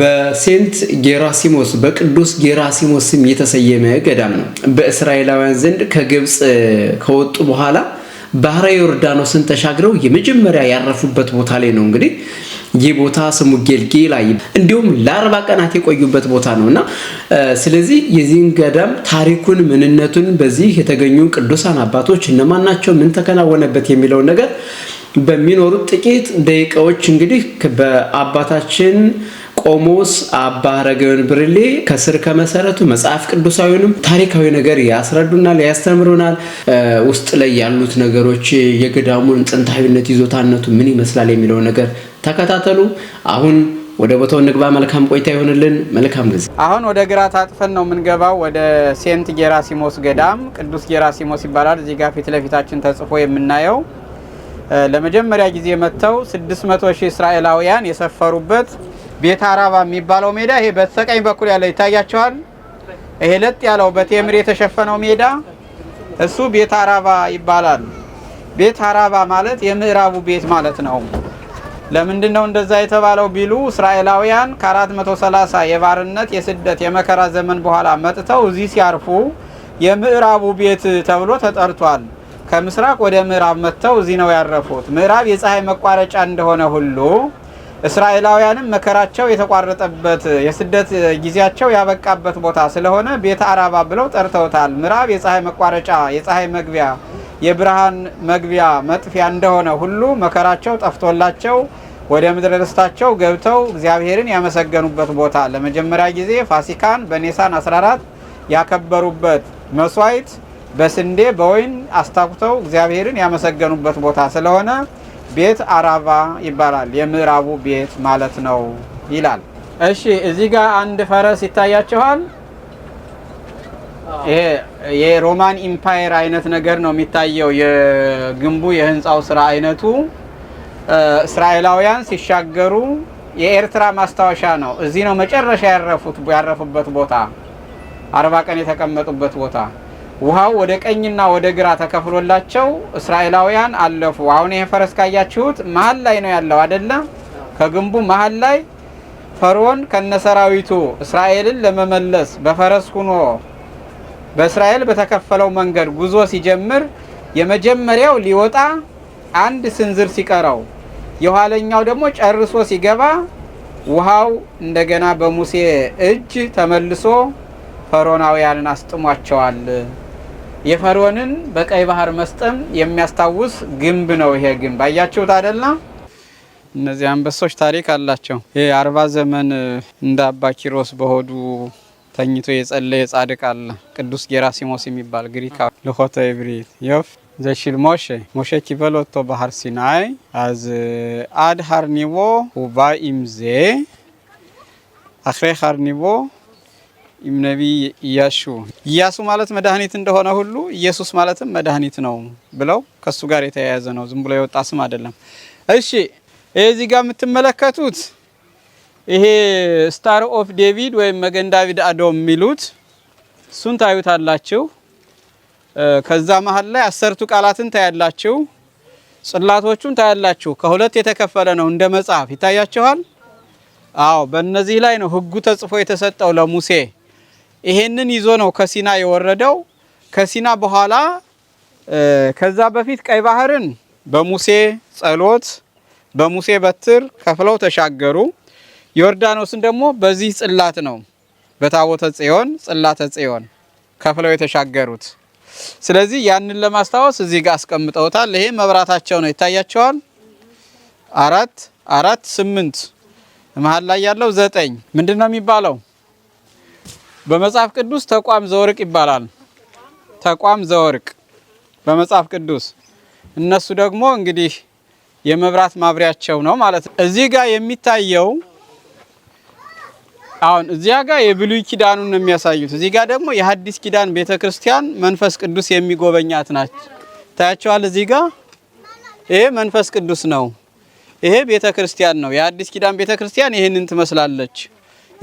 በሴንት ጌራሲሞስ በቅዱስ ጌራሲሞስ ስም የተሰየመ ገዳም ነው። በእስራኤላውያን ዘንድ ከግብፅ ከወጡ በኋላ ባህረ ዮርዳኖስን ተሻግረው የመጀመሪያ ያረፉበት ቦታ ላይ ነው። እንግዲህ ይህ ቦታ ስሙ ጌልጌላ እንዲሁም ለአርባ ቀናት የቆዩበት ቦታ ነው እና ስለዚህ የዚህን ገዳም ታሪኩን፣ ምንነቱን በዚህ የተገኙ ቅዱሳን አባቶች እነማን ናቸው፣ ምን ተከናወነበት የሚለውን ነገር በሚኖሩት ጥቂት ደቂቃዎች እንግዲህ በአባታችን ቆሞስ አባ አረጋዊን ብርሌ ከስር ከመሰረቱ መጽሐፍ ቅዱሳዊንም ታሪካዊ ነገር ያስረዱናል፣ ያስተምሩናል። ውስጥ ላይ ያሉት ነገሮች የገዳሙን ጥንታዊነት፣ ይዞታነቱ ምን ይመስላል የሚለው ነገር ተከታተሉ። አሁን ወደ ቦታው እንግባ። መልካም ቆይታ ይሆንልን። መልካም ጊዜ። አሁን ወደ ግራ ታጥፈን ነው የምንገባው ወደ ሴንት ጌራሲሞስ ገዳም። ቅዱስ ጌራሲሞስ ይባላል። እዚህ ጋር ፊት ለፊታችን ተጽፎ የምናየው ለመጀመሪያ ጊዜ መጥተው 600 ሺህ እስራኤላውያን የሰፈሩበት ቤት አራባ የሚባለው ሜዳ ይሄ በስተቀኝ በኩል ያለው ይታያቸዋል። ይሄ ለጥ ያለው በቴምር የተሸፈነው ሜዳ እሱ ቤት አራባ ይባላል። ቤት አራባ ማለት የምዕራቡ ቤት ማለት ነው። ለምንድን ነው እንደዛ የተባለው ቢሉ እስራኤላውያን ከ430 የባርነት የስደት የመከራ ዘመን በኋላ መጥተው እዚህ ሲያርፉ የምዕራቡ ቤት ተብሎ ተጠርቷል። ከምስራቅ ወደ ምዕራብ መጥተው እዚህ ነው ያረፉት። ምዕራብ የፀሐይ መቋረጫ እንደሆነ ሁሉ እስራኤላውያንም መከራቸው የተቋረጠበት የስደት ጊዜያቸው ያበቃበት ቦታ ስለሆነ ቤተ አራባ ብለው ጠርተውታል። ምዕራብ የፀሐይ መቋረጫ፣ የፀሐይ መግቢያ፣ የብርሃን መግቢያ መጥፊያ እንደሆነ ሁሉ መከራቸው ጠፍቶላቸው ወደ ምድረ ደስታቸው ገብተው እግዚአብሔርን ያመሰገኑበት ቦታ፣ ለመጀመሪያ ጊዜ ፋሲካን በኔሳን 14 ያከበሩበት መስዋዕት በስንዴ በወይን አስታኩተው እግዚአብሔርን ያመሰገኑበት ቦታ ስለሆነ ቤት አራባ ይባላል። የምዕራቡ ቤት ማለት ነው ይላል። እሺ እዚህ ጋር አንድ ፈረስ ይታያችኋል። ይሄ የሮማን ኢምፓየር አይነት ነገር ነው የሚታየው። የግንቡ የህንፃው ስራ አይነቱ እስራኤላውያን ሲሻገሩ የኤርትራ ማስታወሻ ነው። እዚህ ነው መጨረሻ ያረፉት ያረፉበት ቦታ አርባ ቀን የተቀመጡበት ቦታ ውሃው ወደ ቀኝና ወደ ግራ ተከፍሎላቸው እስራኤላውያን አለፉ። አሁን ይሄ ፈረስ ካያችሁት መሀል ላይ ነው ያለው አደለ? ከግንቡ መሀል ላይ ፈርዖን ከነሰራዊቱ እስራኤልን ለመመለስ በፈረስ ሁኖ በእስራኤል በተከፈለው መንገድ ጉዞ ሲጀምር የመጀመሪያው ሊወጣ አንድ ስንዝር ሲቀረው የኋለኛው ደግሞ ጨርሶ ሲገባ ውሃው እንደገና በሙሴ እጅ ተመልሶ ፈሮናውያንን አስጥሟቸዋል። የፈርዖንን በቀይ ባህር መስጠም የሚያስታውስ ግንብ ነው። ይሄ ግንብ አያችሁት አደላ? እነዚህ አንበሶች ታሪክ አላቸው። ይህ አርባ ዘመን እንደ አባ ኪሮስ በሆዱ ተኝቶ የጸለየ ጻድቅ አለ፣ ቅዱስ ጌራሲሞስ የሚባል ግሪካ ልኮተ ብሪት ዮፍ ዘሽል ሞሼ ሞሼ ኪበሎቶ ባህር ሲናይ አዝ አድ ሃርኒቦ ሁባ ኢምዜ አክሬ ሃርኒቦ ነቢይ ኢያሱ ኢያሱ ማለት መድኃኒት እንደሆነ ሁሉ ኢየሱስ ማለትም መድኃኒት ነው ብለው ከሱ ጋር የተያያዘ ነው። ዝም ብሎ የወጣ ስም አይደለም። እሺ እዚህ ጋር የምትመለከቱት ይሄ ስታር ኦፍ ዴቪድ ወይም መገን ዳቪድ አዶ የሚሉት እሱን ታዩታላችሁ። ከዛ መሀል ላይ አሰርቱ ቃላትን ታያላችሁ። ጽላቶቹን ታያላችሁ። ከሁለት የተከፈለ ነው እንደ መጽሐፍ ይታያችኋል። አዎ በእነዚህ ላይ ነው ህጉ ተጽፎ የተሰጠው ለሙሴ። ይሄንን ይዞ ነው ከሲና የወረደው። ከሲና በኋላ ከዛ በፊት ቀይ ባህርን በሙሴ ጸሎት በሙሴ በትር ከፍለው ተሻገሩ። ዮርዳኖስን ደግሞ በዚህ ጽላት ነው በታቦተ ጽዮን ጽላተ ጽዮን ከፍለው የተሻገሩት። ስለዚህ ያንን ለማስታወስ እዚህ ጋር አስቀምጠውታል። ይሄ መብራታቸው ነው፣ ይታያቸዋል። አራት አራት ስምንት መሀል ላይ ያለው ዘጠኝ ምንድን ነው የሚባለው? በመጽሐፍ ቅዱስ ተቋም ዘወርቅ ይባላል። ተቋም ዘወርቅ በመጽሐፍ ቅዱስ እነሱ ደግሞ እንግዲህ የመብራት ማብሪያቸው ነው ማለት ነው። እዚህ ጋር የሚታየው አሁን እዚያ ጋር የብሉይ ኪዳኑን ነው የሚያሳዩት። እዚህ ጋር ደግሞ የሐዲስ ኪዳን ቤተ ክርስቲያን መንፈስ ቅዱስ የሚጎበኛት ናት። ታያቸዋል። እዚህ ጋር ይሄ መንፈስ ቅዱስ ነው። ይሄ ቤተ ክርስቲያን ነው። የሐዲስ ኪዳን ቤተ ክርስቲያን ይህንን ትመስላለች።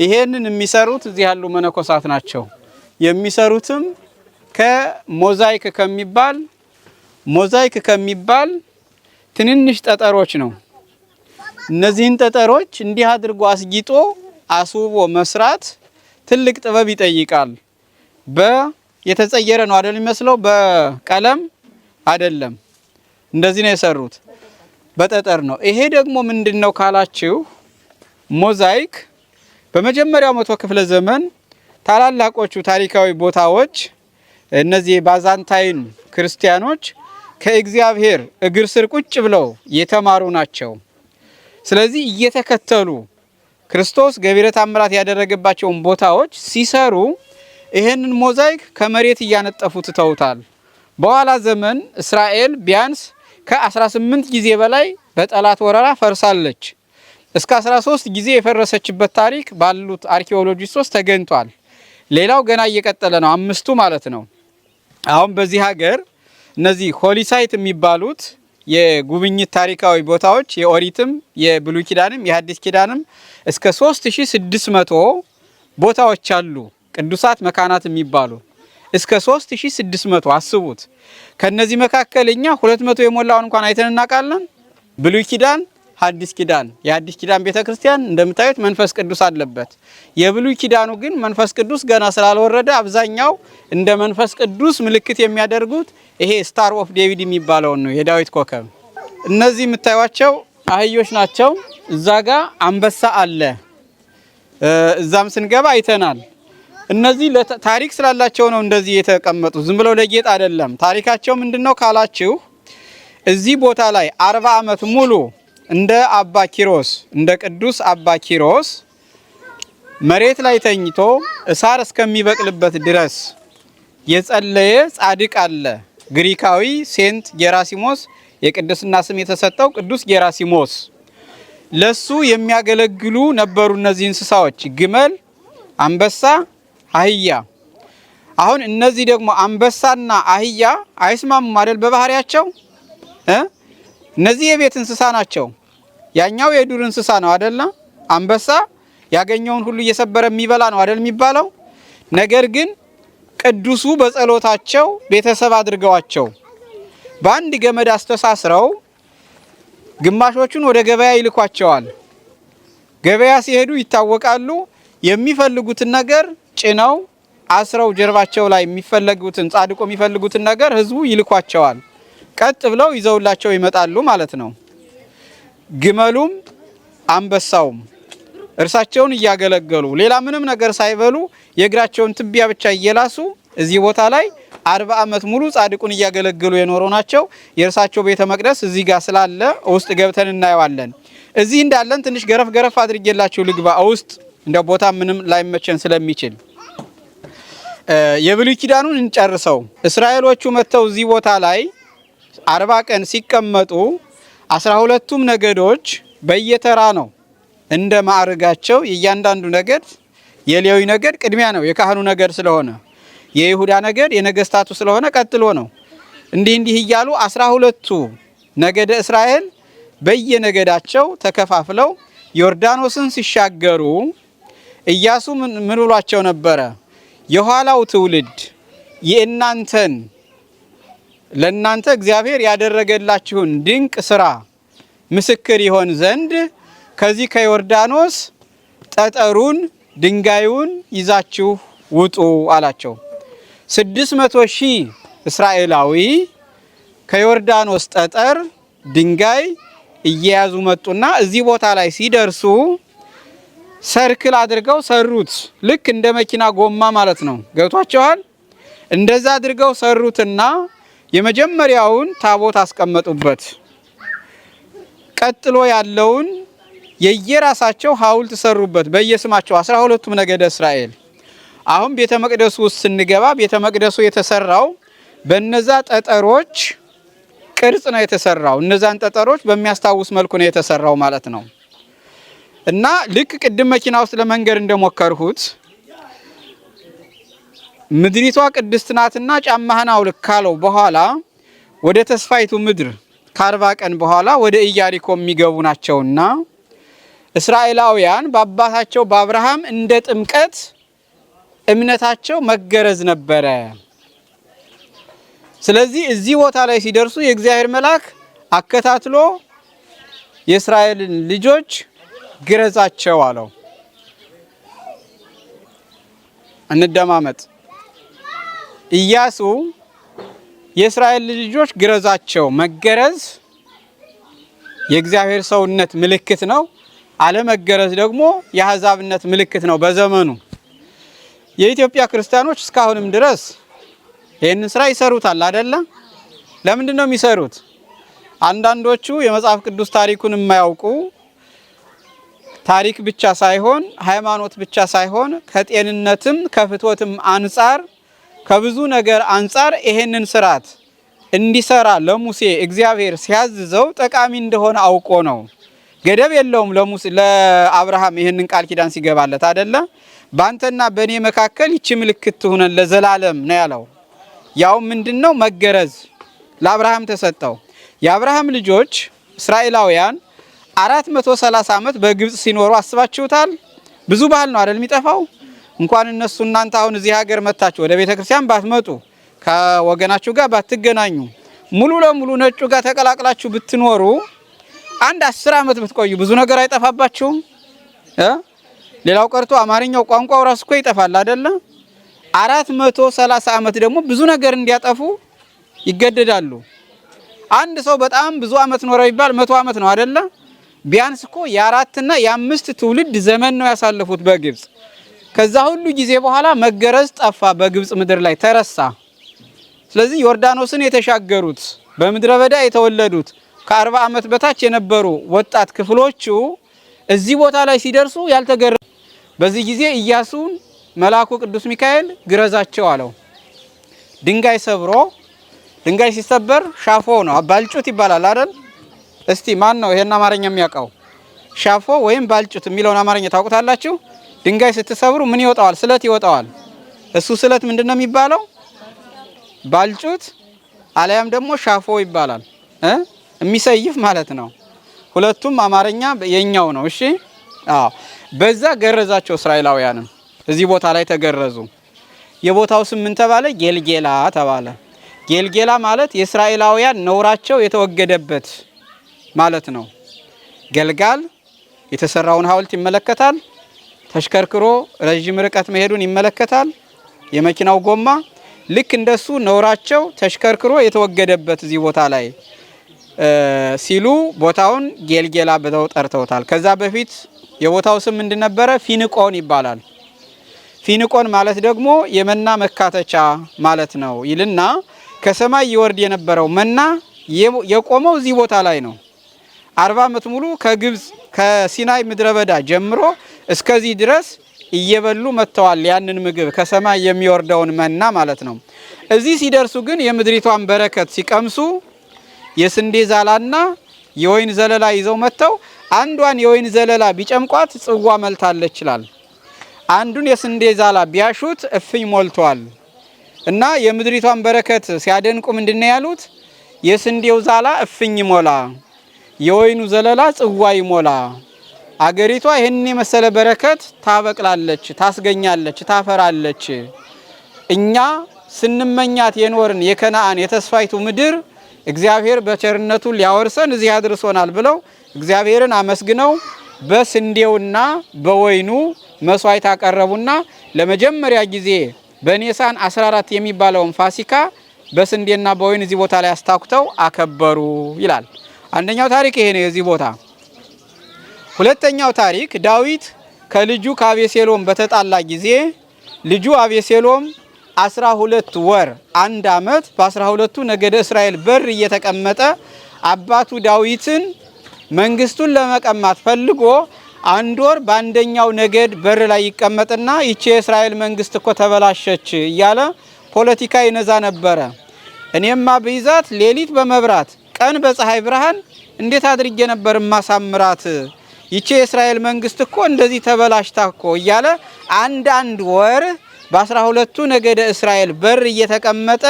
ይሄንን የሚሰሩት እዚህ ያሉ መነኮሳት ናቸው። የሚሰሩትም ከሞዛይክ ከሚባል ሞዛይክ ከሚባል ትንንሽ ጠጠሮች ነው። እነዚህን ጠጠሮች እንዲህ አድርጎ አስጊጦ አስውቦ መስራት ትልቅ ጥበብ ይጠይቃል። በየተጸየረ ነው አይደል የሚመስለው፣ በቀለም አይደለም። እንደዚህ ነው የሰሩት፣ በጠጠር ነው። ይሄ ደግሞ ምንድን ነው ካላችሁ ሞዛይክ በመጀመሪያው መቶ ክፍለ ዘመን ታላላቆቹ ታሪካዊ ቦታዎች እነዚህ ባዛንታይን ክርስቲያኖች ከእግዚአብሔር እግር ስር ቁጭ ብለው የተማሩ ናቸው። ስለዚህ እየተከተሉ ክርስቶስ ገቢረ ተአምራት ያደረገባቸውን ቦታዎች ሲሰሩ ይህንን ሞዛይክ ከመሬት እያነጠፉ ትተውታል። በኋላ ዘመን እስራኤል ቢያንስ ከ18 ጊዜ በላይ በጠላት ወረራ ፈርሳለች። እስከ 13 ጊዜ የፈረሰችበት ታሪክ ባሉት አርኪኦሎጂስቶች ተገኝቷል። ሌላው ገና እየቀጠለ ነው፣ አምስቱ ማለት ነው። አሁን በዚህ ሀገር እነዚህ ሆሊሳይት የሚባሉት የጉብኝት ታሪካዊ ቦታዎች የኦሪትም የብሉይ ኪዳንም የሐዲስ ኪዳንም እስከ 3600 ቦታዎች አሉ። ቅዱሳት መካናት የሚባሉ እስከ 3600 አስቡት። ከነዚህ መካከል እኛ 200 የሞላውን እንኳን አይተን እናውቃለን። ብሉይ ኪዳን ሐዲስ ኪዳን የሐዲስ ኪዳን ቤተ ክርስቲያን እንደምታዩት መንፈስ ቅዱስ አለበት። የብሉይ ኪዳኑ ግን መንፈስ ቅዱስ ገና ስላልወረደ አብዛኛው እንደ መንፈስ ቅዱስ ምልክት የሚያደርጉት ይሄ ስታር ኦፍ ዴቪድ የሚባለውን ነው፣ የዳዊት ኮከብ። እነዚህ የምታዩቸው አህዮች ናቸው። እዛ ጋ አንበሳ አለ። እዛም ስንገባ አይተናል። እነዚህ ታሪክ ስላላቸው ነው እንደዚህ የተቀመጡ፣ ዝም ብለው ለጌጥ አይደለም። ታሪካቸው ምንድነው ካላችሁ እዚህ ቦታ ላይ አርባ ዓመት ሙሉ እንደ አባ ኪሮስ እንደ ቅዱስ አባ ኪሮስ መሬት ላይ ተኝቶ እሳር እስከሚበቅልበት ድረስ የጸለየ ጻድቅ አለ። ግሪካዊ ሴንት ጌራሲሞስ የቅድስና ስም የተሰጠው ቅዱስ ጌራሲሞስ ለሱ የሚያገለግሉ ነበሩ። እነዚህ እንስሳዎች ግመል፣ አንበሳ፣ አህያ። አሁን እነዚህ ደግሞ አንበሳና አህያ አይስማሙም አይደል? በባህሪያቸው እነዚህ የቤት እንስሳ ናቸው። ያኛው የዱር እንስሳ ነው አደለ? አንበሳ ያገኘውን ሁሉ እየሰበረ የሚበላ ነው አደል የሚባለው። ነገር ግን ቅዱሱ በጸሎታቸው ቤተሰብ አድርገዋቸው በአንድ ገመድ አስተሳስረው ግማሾቹን ወደ ገበያ ይልኳቸዋል። ገበያ ሲሄዱ ይታወቃሉ። የሚፈልጉትን ነገር ጭነው አስረው ጀርባቸው ላይ የሚፈለጉትን ጻድቆ የሚፈልጉትን ነገር ህዝቡ ይልኳቸዋል። ቀጥ ብለው ይዘውላቸው ይመጣሉ ማለት ነው። ግመሉም አንበሳውም እርሳቸውን እያገለገሉ ሌላ ምንም ነገር ሳይበሉ የእግራቸውን ትቢያ ብቻ እየላሱ እዚህ ቦታ ላይ አርባ ዓመት ሙሉ ጻድቁን እያገለገሉ የኖሩ ናቸው። የእርሳቸው ቤተ መቅደስ እዚህ ጋር ስላለ ውስጥ ገብተን እናየዋለን። እዚህ እንዳለን ትንሽ ገረፍ ገረፍ አድርጌላችሁ ልግባ ውስጥ እንደ ቦታ ምንም ላይመቸን ስለሚችል የብሉይ ኪዳኑን እንጨርሰው። እስራኤሎቹ መጥተው እዚህ ቦታ ላይ አርባ ቀን ሲቀመጡ አስራ ሁለቱም ነገዶች በየተራ ነው እንደ ማዕርጋቸው። የእያንዳንዱ ነገድ የሌዊ ነገድ ቅድሚያ ነው የካህኑ ነገድ ስለሆነ፣ የይሁዳ ነገድ የነገስታቱ ስለሆነ ቀጥሎ ነው። እንዲህ እንዲህ እያሉ አስራ ሁለቱ ነገደ እስራኤል በየነገዳቸው ተከፋፍለው ዮርዳኖስን ሲሻገሩ ኢያሱ ምን ብሏቸው ነበረ? የኋላው ትውልድ የእናንተን ለእናንተ እግዚአብሔር ያደረገላችሁን ድንቅ ስራ ምስክር ይሆን ዘንድ ከዚህ ከዮርዳኖስ ጠጠሩን ድንጋዩን ይዛችሁ ውጡ አላቸው። ስድስት መቶ ሺህ እስራኤላዊ ከዮርዳኖስ ጠጠር ድንጋይ እየያዙ መጡና እዚህ ቦታ ላይ ሲደርሱ ሰርክል አድርገው ሰሩት። ልክ እንደ መኪና ጎማ ማለት ነው። ገብቷቸዋል። እንደዛ አድርገው ሰሩትና የመጀመሪያውን ታቦት አስቀመጡበት። ቀጥሎ ያለውን የየራሳቸው ሐውልት ሰሩበት በየስማቸው አስራ ሁለቱም ነገደ እስራኤል። አሁን ቤተ መቅደሱ ውስጥ ስንገባ ቤተ መቅደሱ የተሰራው በነዛ ጠጠሮች ቅርጽ ነው የተሰራው። እነዛን ጠጠሮች በሚያስታውስ መልኩ ነው የተሰራው ማለት ነው። እና ልክ ቅድም መኪና ውስጥ ለመንገድ እንደሞከርሁት ምድሪቷ ቅድስት ናትና ጫማህን አውልቅ ካለው በኋላ ወደ ተስፋይቱ ምድር ከአርባ ቀን በኋላ ወደ ኢያሪኮ የሚገቡ ናቸውና እስራኤላውያን በአባታቸው በአብርሃም እንደ ጥምቀት እምነታቸው መገረዝ ነበረ። ስለዚህ እዚህ ቦታ ላይ ሲደርሱ የእግዚአብሔር መልአክ አከታትሎ የእስራኤልን ልጆች ግረዛቸው አለው። እንደማመጥ ኢያሱ የእስራኤል ልጆች ግረዛቸው። መገረዝ የእግዚአብሔር ሰውነት ምልክት ነው። አለመገረዝ ደግሞ የአህዛብነት ምልክት ነው። በዘመኑ የኢትዮጵያ ክርስቲያኖች እስካሁንም ድረስ ይህንን ስራ ይሰሩታል አደለ? ለምንድን ነው የሚሰሩት? አንዳንዶቹ የመጽሐፍ ቅዱስ ታሪኩን የማያውቁ ታሪክ ብቻ ሳይሆን ሃይማኖት ብቻ ሳይሆን ከጤንነትም ከፍትወትም አንጻር ከብዙ ነገር አንጻር ይሄንን ስርዓት እንዲሰራ ለሙሴ እግዚአብሔር ሲያዝዘው ጠቃሚ እንደሆነ አውቆ ነው። ገደብ የለውም። ለሙሴ ለአብርሃም ይህንን ቃል ኪዳን ሲገባለት አደለ፣ በአንተና በእኔ መካከል ይቺ ምልክት ትሁነን ለዘላለም ነው ያለው። ያው ምንድን ነው መገረዝ ለአብርሃም ተሰጠው። የአብርሃም ልጆች እስራኤላውያን 430 ዓመት በግብፅ ሲኖሩ አስባችሁታል? ብዙ ባህል ነው አደል የሚጠፋው እንኳን እነሱ እናንተ አሁን እዚህ ሀገር መታችሁ ወደ ቤተ ክርስቲያን ባትመጡ ከወገናችሁ ጋር ባትገናኙ ሙሉ ለሙሉ ነጩ ጋር ተቀላቅላችሁ ብትኖሩ አንድ አስር ዓመት ብትቆዩ ብዙ ነገር አይጠፋባችሁም። ሌላው ቀርቶ አማርኛው ቋንቋው ራሱ እኮ ይጠፋል አደለ? አራት መቶ ሰላሳ ዓመት ደግሞ ብዙ ነገር እንዲያጠፉ ይገደዳሉ። አንድ ሰው በጣም ብዙ ዓመት ኖረ ይባል መቶ ዓመት ነው አደለ? ቢያንስ እኮ የአራትና የአምስት ትውልድ ዘመን ነው ያሳለፉት በግብፅ። ከዛ ሁሉ ጊዜ በኋላ መገረዝ ጠፋ፣ በግብጽ ምድር ላይ ተረሳ። ስለዚህ ዮርዳኖስን የተሻገሩት በምድረ በዳ የተወለዱት ከአርባ ዓመት በታች የነበሩ ወጣት ክፍሎቹ እዚህ ቦታ ላይ ሲደርሱ ያልተገረ በዚህ ጊዜ ኢያሱን መልአኩ ቅዱስ ሚካኤል ግረዛቸው አለው። ድንጋይ ሰብሮ ድንጋይ ሲሰበር ሻፎ ነው ባልጩት ይባላል አይደል? እስቲ ማን ነው ይሄን አማርኛ የሚያውቀው? ሻፎ ወይም ባልጩት የሚለውን አማርኛ ታውቁታላችሁ? ድንጋይ ስትሰብሩ ምን ይወጣዋል? ስለት ይወጣዋል። እሱ ስለት ምንድን ነው የሚባለው? ባልጩት አለያም ደግሞ ሻፎ ይባላል። የሚሰይፍ ማለት ነው። ሁለቱም አማርኛ የኛው ነው። እሺ፣ አዎ። በዛ ገረዛቸው እስራኤላውያንም እዚህ ቦታ ላይ ተገረዙ። የቦታው ስም ምን ተባለ? ጌልጌላ ተባለ። ጌልጌላ ማለት የእስራኤላውያን ነውራቸው የተወገደበት ማለት ነው። ገልጋል የተሰራውን ሐውልት ይመለከታል። ተሽከርክሮ ረዥም ርቀት መሄዱን ይመለከታል። የመኪናው ጎማ ልክ እንደሱ ነውራቸው ተሽከርክሮ የተወገደበት እዚህ ቦታ ላይ ሲሉ ቦታውን ጌልጌላ ብለው ጠርተውታል። ከዛ በፊት የቦታው ስም እንድነበረ ፊንቆን ይባላል። ፊንቆን ማለት ደግሞ የመና መካተቻ ማለት ነው ይልና ከሰማይ ይወርድ የነበረው መና የቆመው እዚህ ቦታ ላይ ነው። አርባ ዓመት ሙሉ ከግብፅ ከሲናይ ምድረ በዳ ጀምሮ እስከዚህ ድረስ እየበሉ መጥተዋል። ያንን ምግብ ከሰማይ የሚወርደውን መና ማለት ነው። እዚህ ሲደርሱ ግን የምድሪቷን በረከት ሲቀምሱ የስንዴ ዛላና የወይን ዘለላ ይዘው መጥተው አንዷን የወይን ዘለላ ቢጨምቋት ጽዋ መልታለች ይችላል። አንዱን የስንዴ ዛላ ቢያሹት እፍኝ ሞልቷል። እና የምድሪቷን በረከት ሲያደንቁ ምንድነው ያሉት? የስንዴው ዛላ እፍኝ ሞላ የወይኑ ዘለላ ጽዋ ይሞላ። አገሪቷ ይህን የመሰለ በረከት ታበቅላለች፣ ታስገኛለች፣ ታፈራለች። እኛ ስንመኛት የኖርን የከነአን የተስፋይቱ ምድር እግዚአብሔር በቸርነቱ ሊያወርሰን እዚህ አድርሶናል ብለው እግዚአብሔርን አመስግነው በስንዴውና በወይኑ መስዋዕት አቀረቡና ለመጀመሪያ ጊዜ በኔሳን 14 የሚባለውን ፋሲካ በስንዴና በወይን እዚህ ቦታ ላይ አስታኩተው አከበሩ ይላል። አንደኛው ታሪክ ይሄ ነው የዚህ ቦታ። ሁለተኛው ታሪክ ዳዊት ከልጁ ከአቤሴሎም በተጣላ ጊዜ ልጁ አቤሴሎም አስራ ሁለት ወር አንድ አመት በአስራ ሁለቱ ነገደ እስራኤል በር እየተቀመጠ አባቱ ዳዊትን መንግስቱን ለመቀማት ፈልጎ አንድ ወር በአንደኛው ነገድ በር ላይ ይቀመጥና ይቺ የእስራኤል መንግስት እኮ ተበላሸች እያለ ፖለቲካ ይነዛ ነበረ። እኔማ ብይዛት ሌሊት በመብራት ቀን በፀሐይ ብርሃን እንዴት አድርጌ ነበር ማሳምራት? ይቺ የእስራኤል መንግስት እኮ እንደዚህ ተበላሽታ እኮ እያለ አንድ አንድ ወር በአስራ ሁለቱ ነገደ እስራኤል በር እየተቀመጠ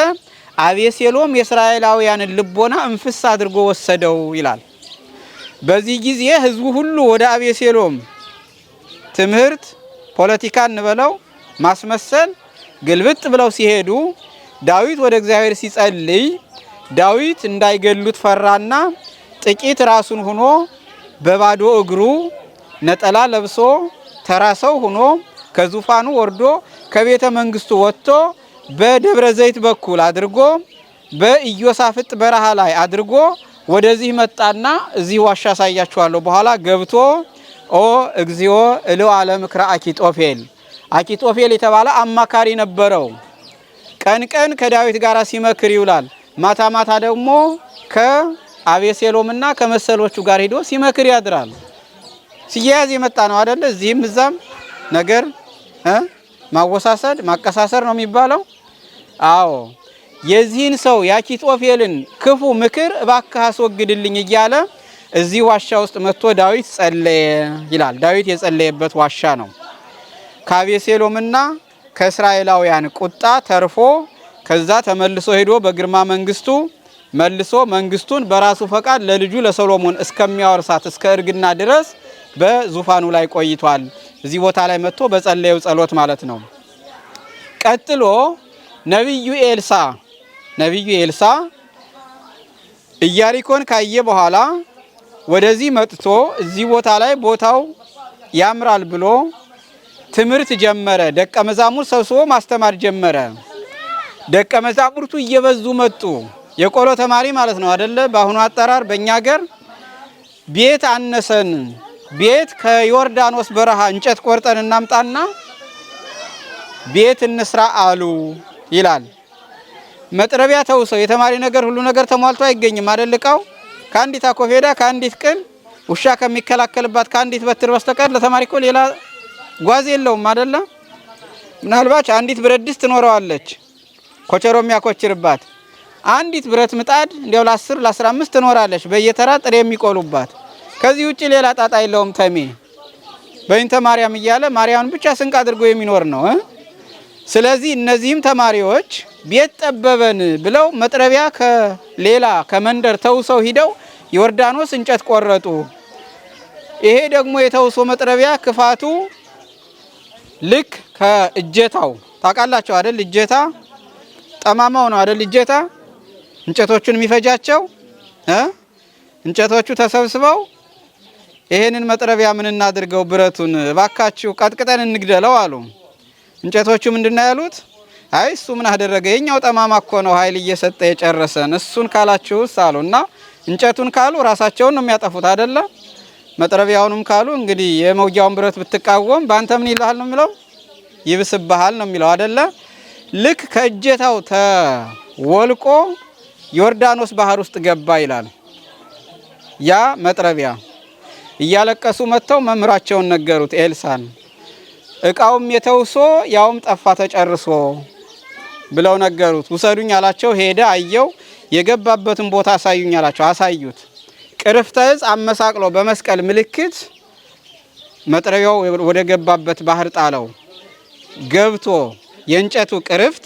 አቤሴሎም የእስራኤላውያንን ልቦና እንፍስ አድርጎ ወሰደው ይላል። በዚህ ጊዜ ህዝቡ ሁሉ ወደ አቤሴሎም ትምህርት፣ ፖለቲካ እንበለው ማስመሰል ግልብጥ ብለው ሲሄዱ ዳዊት ወደ እግዚአብሔር ሲጸልይ ዳዊት እንዳይገሉት ፈራና ጥቂት ራሱን ሆኖ በባዶ እግሩ ነጠላ ለብሶ ተራ ሰው ሆኖ ከዙፋኑ ወርዶ ከቤተ መንግስቱ ወጥቶ በደብረ ዘይት በኩል አድርጎ በኢዮሳፍጥ በረሃ ላይ አድርጎ ወደዚህ መጣና እዚህ ዋሻ አሳያችኋለሁ። በኋላ ገብቶ ኦ እግዚኦ እለው አለ ምክረ አኪጦፌል። አኪጦፌል የተባለ አማካሪ ነበረው። ቀን ቀን ከዳዊት ጋር ሲመክር ይውላል። ማታ ማታ ደግሞ ከአቤሴሎምና ከመሰሎቹ ጋር ሂዶ ሲመክር ያድራል። ሲያያዝ የመጣ ነው አደለ? እዚህም እዛም ነገር ማወሳሰድ ማቀሳሰር ነው የሚባለው። አዎ የዚህን ሰው የአኪጦፌልን ክፉ ምክር እባክህ አስወግድልኝ እያለ እዚህ ዋሻ ውስጥ መጥቶ ዳዊት ጸለየ ይላል። ዳዊት የጸለየበት ዋሻ ነው። ከአቤሴሎምና ከእስራኤላውያን ቁጣ ተርፎ ከዛ ተመልሶ ሄዶ በግርማ መንግስቱ መልሶ መንግስቱን በራሱ ፈቃድ ለልጁ ለሰሎሞን እስከሚያወርሳት እስከ እርግና ድረስ በዙፋኑ ላይ ቆይቷል። እዚህ ቦታ ላይ መጥቶ በጸለየው ጸሎት ማለት ነው። ቀጥሎ ነቢዩ ኤልሳ ነቢዩ ኤልሳ ኢያሪኮን ካየ በኋላ ወደዚህ መጥቶ እዚህ ቦታ ላይ ቦታው ያምራል ብሎ ትምህርት ጀመረ። ደቀ መዛሙር ሰብስቦ ማስተማር ጀመረ። ደቀ መዛሙርቱ እየበዙ መጡ። የቆሎ ተማሪ ማለት ነው አደለ? በአሁኑ አጠራር በእኛ ሀገር ቤት አነሰን፣ ቤት ከዮርዳኖስ በረሃ እንጨት ቆርጠን እናምጣና ቤት እንስራ አሉ ይላል። መጥረቢያ ተውሰው የተማሪ ነገር ሁሉ ነገር ተሟልቶ አይገኝም አደል? እቃው ከአንዲት አኮፌዳ ከአንዲት ቅል ውሻ ከሚከላከልባት ከአንዲት በትር በስተቀር ለተማሪ እኮ ሌላ ጓዝ የለውም አደለ? ምናልባች አንዲት ብረት ድስት ትኖረዋለች። ኮቸሮ የሚያኮችርባት አንዲት ብረት ምጣድ እንዲያው ለ10 ለ15 ትኖራለች በየተራ ጥሬ የሚቆሉባት። ከዚህ ውጭ ሌላ ጣጣ የለውም። ተሜ በይንተ ማርያም እያለ ማርያምን ብቻ ስንቅ አድርጎ የሚኖር ነው። ስለዚህ እነዚህም ተማሪዎች ቤት ጠበበን ብለው መጥረቢያ ከሌላ ከመንደር ተውሰው ሂደው ዮርዳኖስ እንጨት ቆረጡ። ይሄ ደግሞ የተውሶ መጥረቢያ ክፋቱ ልክ ከእጀታው ታቃላቸው አይደል? እጀታ ጠማማው ነው አይደል? እጀታ እንጨቶቹን የሚፈጃቸው እንጨቶቹ ተሰብስበው ይሄንን መጥረቢያ ምን እናድርገው ብረቱን እባካችሁ ቀጥቅጠን እንግደለው አሉ። እንጨቶቹ ምንድነው ያሉት? አይ እሱ ምን አደረገ? የኛው ጠማማ እኮ ነው ኃይል እየሰጠ የጨረሰን። እሱን ካላችሁስ አሉ እና እንጨቱን ካሉ ራሳቸውን ነው የሚያጠፉት አይደለ? መጥረቢያውንም ካሉ እንግዲህ የመውጊያውን ብረት ብትቃወም በአንተ ምን ይልሃል ነው የሚለው ይብስብሃል ነው የሚለው አይደለ? ልክ ከእጀታው ተወልቆ ዮርዳኖስ ባህር ውስጥ ገባ ይላል። ያ መጥረቢያ እያለቀሱ መጥተው መምህራቸውን ነገሩት ኤልሳን። እቃውም የተውሶ ያውም ጠፋ ተጨርሶ ብለው ነገሩት። ውሰዱኝ አላቸው። ሄደ አየው። የገባበትን ቦታ አሳዩኝ አላቸው። አሳዩት። ቅርፍተ ዕፅ አመሳቅሎ በመስቀል ምልክት መጥረቢያው ወደ ገባበት ባህር ጣለው። ገብቶ የእንጨቱ ቅርፍት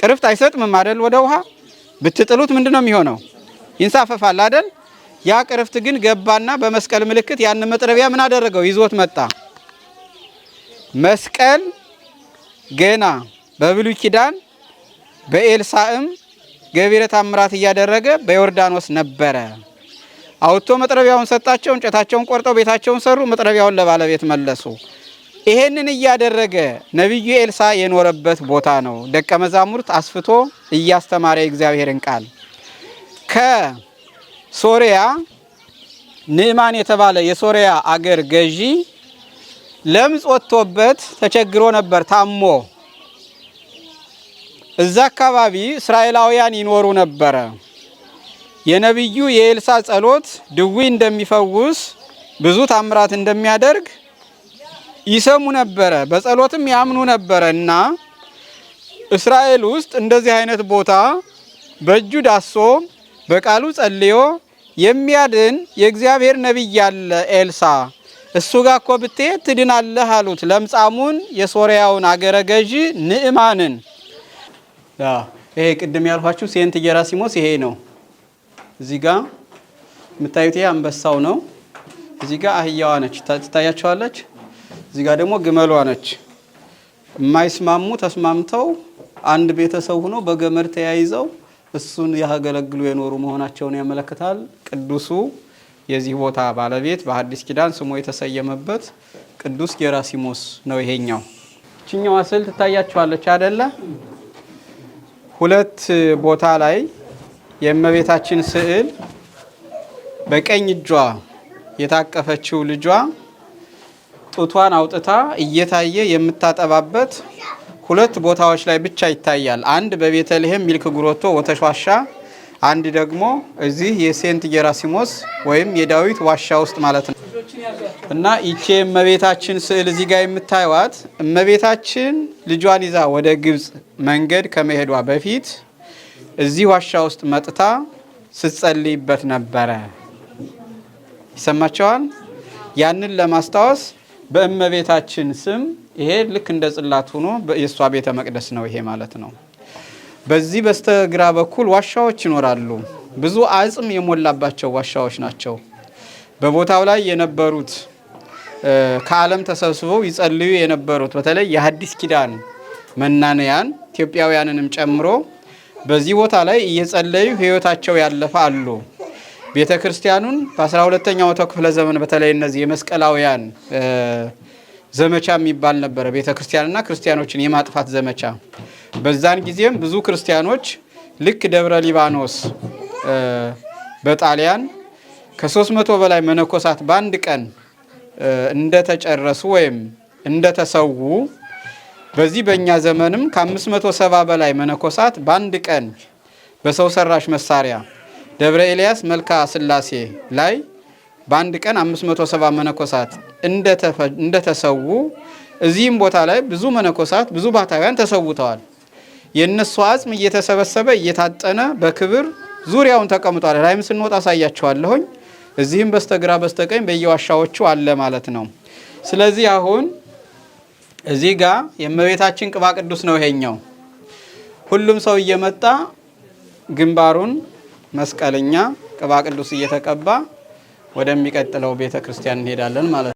ቅርፍት አይሰጥምም አደል? ወደ ውሃ ብትጥሉት ምንድን ነው የሚሆነው? ይንሳፈፋል አደል? ያ ቅርፍት ግን ገባና በመስቀል ምልክት ያን መጥረቢያ ምን አደረገው? ይዞት መጣ። መስቀል ገና በብሉይ ኪዳን በኤልሳዕም ገቢረ ታምራት እያደረገ በዮርዳኖስ ነበረ። አውጥቶ መጥረቢያውን ሰጣቸው። እንጨታቸውን ቆርጠው ቤታቸውን ሰሩ። መጥረቢያውን ለባለቤት መለሱ። ይሄንን እያደረገ ነቢዩ ኤልሳ የኖረበት ቦታ ነው። ደቀ መዛሙርት አስፍቶ እያስተማረ የእግዚአብሔርን ቃል ከሶሪያ ንዕማን የተባለ የሶሪያ አገር ገዢ ለምጽ ወጥቶበት ተቸግሮ ነበር ታሞ። እዛ አካባቢ እስራኤላውያን ይኖሩ ነበረ። የነቢዩ የኤልሳ ጸሎት ድዊ እንደሚፈውስ ብዙ ታምራት እንደሚያደርግ ይሰሙ ነበረ፣ በጸሎትም ያምኑ ነበረ እና እስራኤል ውስጥ እንደዚህ አይነት ቦታ በእጁ ዳሶ በቃሉ ጸልዮ የሚያድን የእግዚአብሔር ነቢይ አለ ኤልሳ። እሱ ጋር እኮ ብትሄድ ትድናለህ አሉት፣ ለምጻሙን የሶሪያውን አገረ ገዢ ንዕማንን። ይሄ ቅድም ያልኋችሁ ሴንት ጌራሲሞስ ይሄ ነው። እዚህ ጋ የምታዩት ይሄ አንበሳው ነው። እዚህ ጋ አህያዋ ነች፣ ትታያቸዋለች እዚህ ጋር ደግሞ ግመሏ ነች። የማይስማሙ ተስማምተው አንድ ቤተሰብ ሆኖ በገመድ ተያይዘው እሱን ያገለግሉ የኖሩ መሆናቸውን ያመለክታል። ቅዱሱ የዚህ ቦታ ባለቤት በሐዲስ ኪዳን ስሙ የተሰየመበት ቅዱስ ጌራሲሞስ ነው። ይሄኛው እችኛዋ ስዕል ትታያችኋለች አደለ? ሁለት ቦታ ላይ የእመቤታችን ስዕል በቀኝ እጇ የታቀፈችው ልጇ ጡቷን አውጥታ እየታየ የምታጠባበት ሁለት ቦታዎች ላይ ብቻ ይታያል። አንድ በቤተልሔም ሚልክ ጉሮቶ ወተሻሻ ዋሻ፣ አንድ ደግሞ እዚህ የሴንት ጌራሲሞስ ወይም የዳዊት ዋሻ ውስጥ ማለት ነው እና ይቼ እመቤታችን ስዕል እዚህ ጋር የምታዩዋት እመቤታችን ልጇን ይዛ ወደ ግብፅ መንገድ ከመሄዷ በፊት እዚህ ዋሻ ውስጥ መጥታ ስትጸልይበት ነበረ። ይሰማቸዋል። ያንን ለማስታወስ በእመቤታችን ስም ይሄ ልክ እንደ ጽላት ሆኖ የእሷ ቤተ መቅደስ ነው ይሄ ማለት ነው። በዚህ በስተግራ በኩል ዋሻዎች ይኖራሉ። ብዙ አጽም የሞላባቸው ዋሻዎች ናቸው። በቦታው ላይ የነበሩት ከዓለም ተሰብስበው ይጸልዩ የነበሩት በተለይ የሐዲስ ኪዳን መናንያን ኢትዮጵያውያንንም ጨምሮ በዚህ ቦታ ላይ እየጸለዩ ሕይወታቸው ያለፈ አሉ። ቤተ ክርስቲያኑን በአስራ ሁለተኛው መቶ ክፍለ ዘመን በተለይ እነዚህ የመስቀላውያን ዘመቻ የሚባል ነበረ፣ ቤተ ክርስቲያንና ክርስቲያኖችን የማጥፋት ዘመቻ። በዛን ጊዜም ብዙ ክርስቲያኖች ልክ ደብረ ሊባኖስ በጣሊያን ከሶስት መቶ በላይ መነኮሳት በአንድ ቀን እንደተጨረሱ ወይም እንደተሰዉ በዚህ በእኛ ዘመንም ከአምስት መቶ ሰባ በላይ መነኮሳት በአንድ ቀን በሰው ሰራሽ መሳሪያ ደብረ ኤልያስ መልካ ስላሴ ላይ በአንድ ቀን 570 መነኮሳት እንደተሰዉ እዚህም ቦታ ላይ ብዙ መነኮሳት ብዙ ባህታውያን ተሰውተዋል። የእነሱ አጽም እየተሰበሰበ እየታጠነ በክብር ዙሪያውን ተቀምጧል። ላይም ስንወጣ አሳያችኋለሁኝ። እዚህም በስተግራ በስተቀኝ በየዋሻዎቹ አለ ማለት ነው። ስለዚህ አሁን እዚህ ጋር የእመቤታችን ቅባ ቅዱስ ነው ይሄኛው። ሁሉም ሰው እየመጣ ግንባሩን መስቀልኛ ቅባ ቅዱስ እየተቀባ ወደሚቀጥለው ቤተ ክርስቲያን እንሄዳለን ማለት ነው።